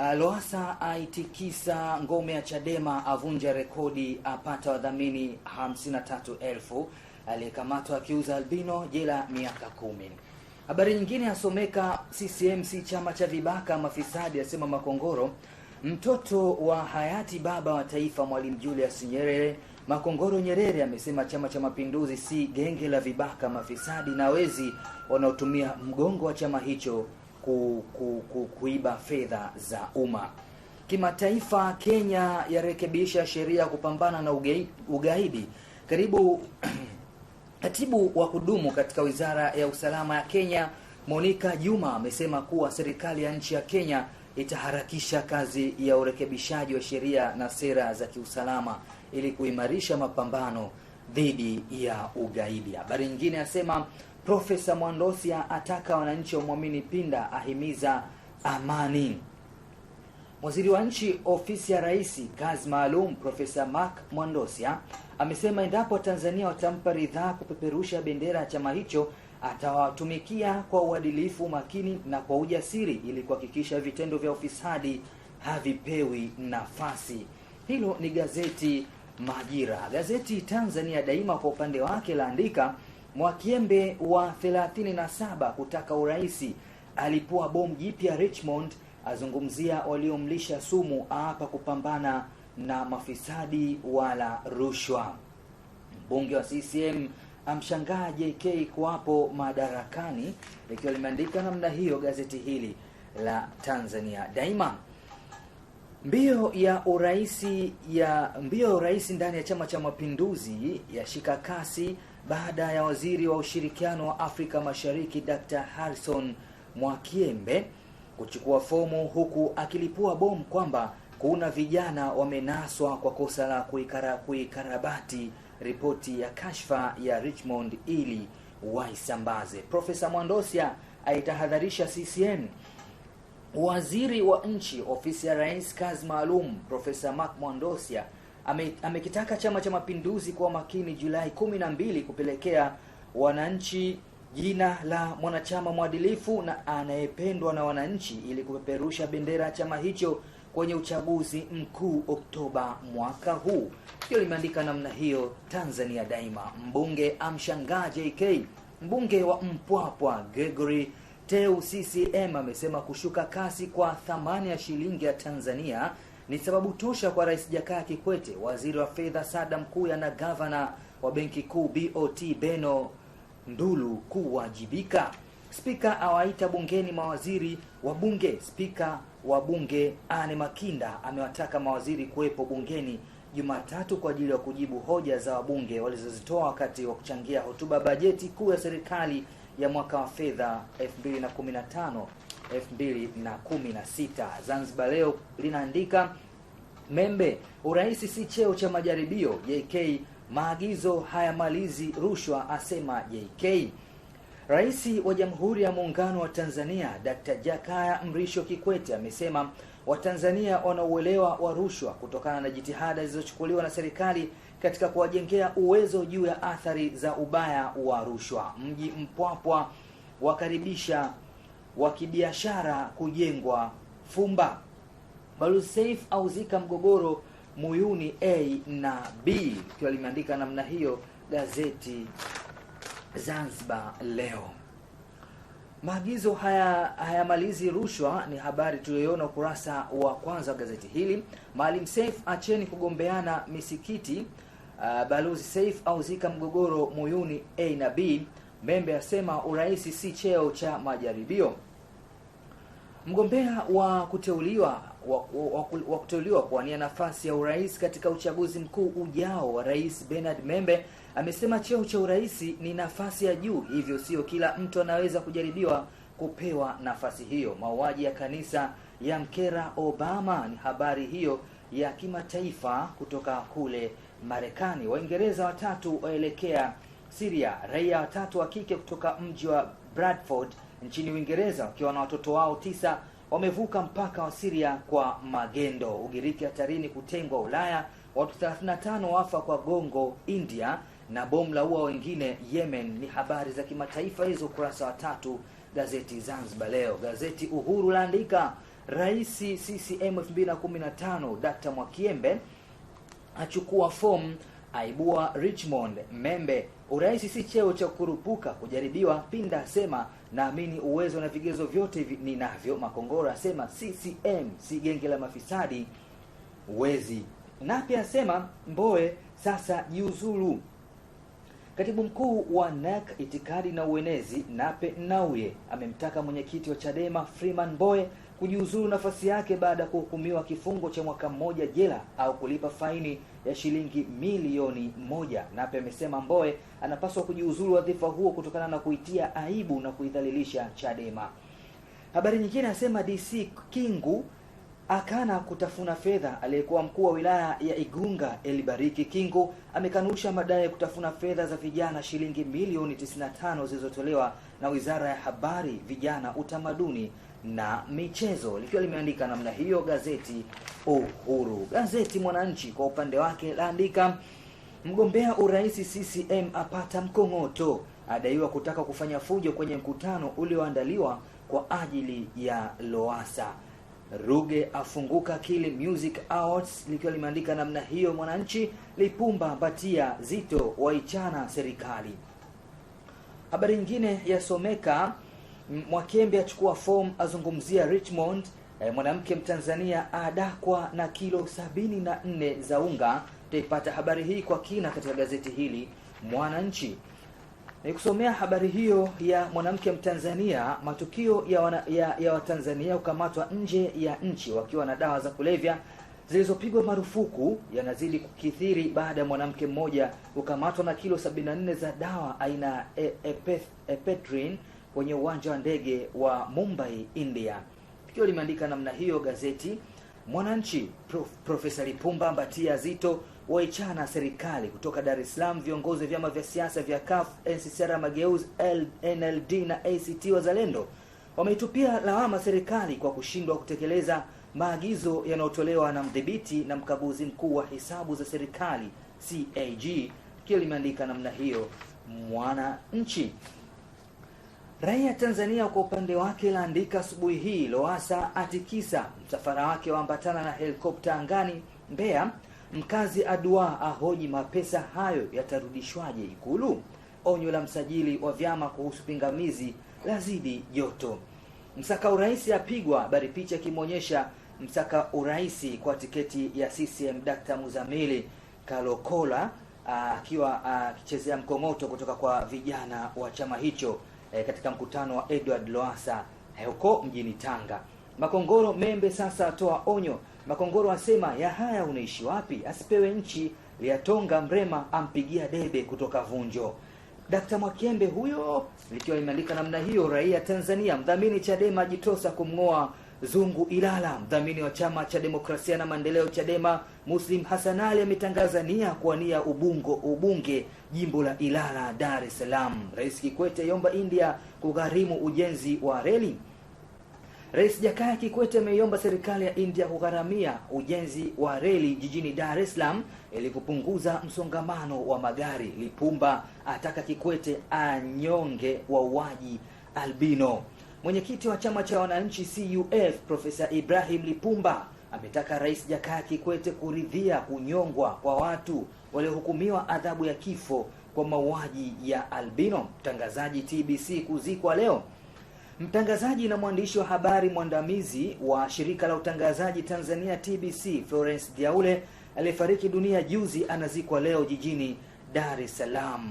Uh, loasa aitikisa ngome ya Chadema, avunja rekodi, apata wadhamini 53,000. Aliyekamatwa akiuza albino jela miaka kumi. Habari nyingine yasomeka, CCM si chama cha vibaka, mafisadi asema Makongoro. Mtoto wa hayati baba wa taifa Mwalimu Julius Nyerere, Makongoro Nyerere amesema Chama cha Mapinduzi si genge la vibaka, mafisadi na wezi wanaotumia mgongo wa chama hicho ku, ku, ku, kuiba fedha za umma. Kimataifa, Kenya yarekebisha sheria kupambana na ugaidi. Karibu katibu wa kudumu katika wizara ya usalama ya Kenya Monica Juma amesema kuwa serikali ya nchi ya Kenya itaharakisha kazi ya urekebishaji wa sheria na sera za kiusalama ili kuimarisha mapambano dhidi ya ugaidi. Habari nyingine asema Profesa Mwandosia ataka wananchi wamwamini Pinda, ahimiza amani. Waziri wa nchi ofisi ya rais kazi maalum Profesa Mark Mwandosia amesema endapo Tanzania watampa ridhaa kupeperusha bendera ya chama hicho atawatumikia kwa uadilifu, makini na kwa ujasiri ili kuhakikisha vitendo vya ufisadi havipewi nafasi. Hilo ni gazeti Majira. Gazeti Tanzania Daima kwa upande wake laandika mwakiembe wa 37 kutaka uraisi alipua bomu jipya Richmond, azungumzia waliomlisha sumu, aapa kupambana na mafisadi wala rushwa. Mbunge wa CCM amshangaa JK kuwapo madarakani, likiwa limeandika namna hiyo gazeti hili la Tanzania Daima. Mbio ya uraisi ya mbio ya uraisi ndani ya Chama cha Mapinduzi yashika kasi baada ya waziri wa ushirikiano wa Afrika Mashariki Dr. Harrison Mwakiembe kuchukua fomu huku akilipua bomu kwamba kuna vijana wamenaswa kwa kosa la kuikara kuikarabati ripoti ya kashfa ya Richmond ili waisambaze. Profesa Mwandosia aitahadharisha CCM. Waziri wa nchi ofisi ya Rais kazi maalum Profesa Mark Mwandosia ame, amekitaka Chama cha Mapinduzi kuwa makini Julai kumi na mbili kupelekea wananchi jina la mwanachama mwadilifu na anayependwa na wananchi ili kupeperusha bendera ya chama hicho kwenye uchaguzi mkuu Oktoba mwaka huu. Hiyo limeandika namna hiyo Tanzania Daima. Mbunge amshangaa JK. Mbunge wa Mpwapwa Gregory Teu CCM amesema kushuka kasi kwa thamani ya shilingi ya Tanzania ni sababu tosha kwa Rais Jakaya Kikwete, waziri wa fedha Sada Mkuya na gavana wa benki kuu BOT Beno Ndulu kuwajibika. Spika awaita bungeni mawaziri wa bunge. Spika wa bunge Anne Makinda amewataka mawaziri kuwepo bungeni Jumatatu kwa ajili ya kujibu hoja za wabunge walizozitoa wakati wa kuchangia hotuba bajeti kuu ya serikali ya mwaka wa fedha 2015 2016. Zanzibar Leo linaandika Membe, urais si cheo cha majaribio. JK, maagizo hayamalizi rushwa, asema JK. Rais wa Jamhuri ya Muungano wa Tanzania Dr. Jakaya Mrisho Kikwete amesema Watanzania wanauelewa wa rushwa kutokana na jitihada zilizochukuliwa na serikali katika kuwajengea uwezo juu ya athari za ubaya wa rushwa. Mji Mpwapwa wakaribisha wa kibiashara kujengwa Fumba. Balozi Seif auzika mgogoro Muyuni A na B, ikiwa limeandika namna hiyo gazeti Zanzibar Leo. Maagizo haya hayamalizi rushwa, ni habari tuliyoiona ukurasa wa kwanza wa gazeti hili. Maalim Seif, acheni kugombeana misikiti. Uh, Balozi Seif auzika mgogoro Muyuni A na B. Membe asema urais si cheo cha majaribio. Mgombea wa kuteuliwa wa, wa, wa kuteuliwa kuwania nafasi ya urais katika uchaguzi mkuu ujao wa Rais Bernard Membe amesema cheo cha urais ni nafasi ya juu, hivyo sio kila mtu anaweza kujaribiwa kupewa nafasi hiyo. Mauaji ya kanisa ya Mkera Obama ni habari hiyo ya kimataifa kutoka kule Marekani. Waingereza watatu waelekea Syria raia watatu wa kike kutoka mji wa Bradford nchini Uingereza wakiwa na watoto wao tisa wamevuka mpaka wa Syria kwa magendo. Ugiriki hatarini kutengwa Ulaya. Watu 35 wafa kwa gongo India na bomu la ua wengine Yemen. Ni habari za kimataifa hizo, ukurasa wa tatu gazeti Zanzibar Leo. Gazeti Uhuru laandika Rais CCM 2015 Dkt. Mwakiembe achukua fomu aibua Richmond Membe. Urais si cheo cha kurupuka kujaribiwa. Pinda asema naamini uwezo na vigezo vyote ninavyo. Makongoro asema CCM si genge la mafisadi wezi. Nape asema mboe sasa jiuzulu. Katibu mkuu wa NEC itikadi na uenezi Nape Nnauye amemtaka mwenyekiti wa Chadema Freeman Mbowe kujiuzulu nafasi yake baada ya kuhukumiwa kifungo cha mwaka mmoja jela au kulipa faini ya shilingi milioni moja. Nape amesema mboe anapaswa kujiuzulu wadhifa huo kutokana na kuitia aibu na kuidhalilisha Chadema. Habari nyingine anasema DC Kingu akana kutafuna fedha. Aliyekuwa mkuu wa wilaya ya Igunga Elibariki Kingu amekanusha madai ya kutafuna fedha za vijana shilingi milioni 95 zilizotolewa na Wizara ya Habari, Vijana, Utamaduni na michezo, likiwa limeandika namna hiyo gazeti Uhuru. Gazeti Mwananchi kwa upande wake laandika mgombea urais CCM apata mkong'oto, adaiwa kutaka kufanya fujo kwenye mkutano ulioandaliwa kwa ajili ya Loasa. Ruge afunguka Kili Music Awards, likiwa limeandika namna hiyo Mwananchi. Lipumba Mbatia Zito waichana serikali. Habari nyingine yasomeka Mwakembe achukua fomu azungumzia Richmond. E, mwanamke Mtanzania adakwa na kilo sabini na nne za unga. Utaipata habari hii kwa kina katika gazeti hili Mwananchi. Nikusomea habari hiyo ya mwanamke Mtanzania. Matukio ya wana, ya, ya Watanzania kukamatwa nje ya nchi wakiwa na dawa za kulevya zilizopigwa marufuku yanazidi kukithiri baada ya mwanamke mmoja kukamatwa na kilo 74 za dawa aina ya e kwenye uwanja wa ndege wa Mumbai, India. Pia limeandika namna hiyo gazeti Mwananchi. Prof, Profesa Lipumba Mbatia Zito waichana serikali kutoka Dar es Salaam. Viongozi wa vyama vya siasa vya CUF, NCCR Mageuzi, NLD na ACT Wazalendo wameitupia lawama serikali kwa kushindwa kutekeleza maagizo yanayotolewa na mdhibiti na mkaguzi mkuu wa hesabu za serikali CAG. Kile limeandika namna hiyo Mwananchi. Raia Tanzania kwa upande wake laandika asubuhi hii loasa atikisa msafara wake waambatana na helikopta angani Mbeya. Mkazi Adua ahoji mapesa hayo yatarudishwaje Ikulu. Onyo la msajili wa vyama kuhusu pingamizi lazidi joto. Msaka urais apigwa, habari picha ikimwonyesha msaka urais kwa tiketi ya CCM Dkt. Muzamili Kalokola ah, akiwa ah, akichezea mkongoto kutoka kwa vijana wa chama hicho eh, katika mkutano wa Edward loasa eh, huko mjini Tanga. Makongoro Membe sasa atoa onyo. Makongoro asema Yahaya unaishi wapi? Asipewe nchi. Liatonga Mrema ampigia debe kutoka Vunjo. Dakta Mwakembe huyo, likiwa imeandika namna hiyo, raia Tanzania. Mdhamini Chadema ajitosa kumng'oa Zungu Ilala, mdhamini wa chama cha demokrasia na maendeleo Chadema, Muslim Hassan Ali ametangaza nia kuwania ubungo ubunge jimbo la Ilala, Dar es Salaam. Rais Kikwete yomba India kugharimu ujenzi wa reli. Rais Jakaya Kikwete ameiomba serikali ya India kugharamia ujenzi wa reli jijini Dar es Salaam ili kupunguza msongamano wa magari. Lipumba ataka Kikwete anyonge wauaji albino. Mwenyekiti wa chama cha wananchi CUF Profesa Ibrahim Lipumba ametaka Rais Jakaya Kikwete kuridhia kunyongwa kwa watu waliohukumiwa adhabu ya kifo kwa mauaji ya albino mtangazaji TBC kuzikwa leo. Mtangazaji na mwandishi wa habari mwandamizi wa shirika la utangazaji Tanzania TBC Florence Diaule aliyefariki dunia juzi anazikwa leo jijini Dar es Salaam.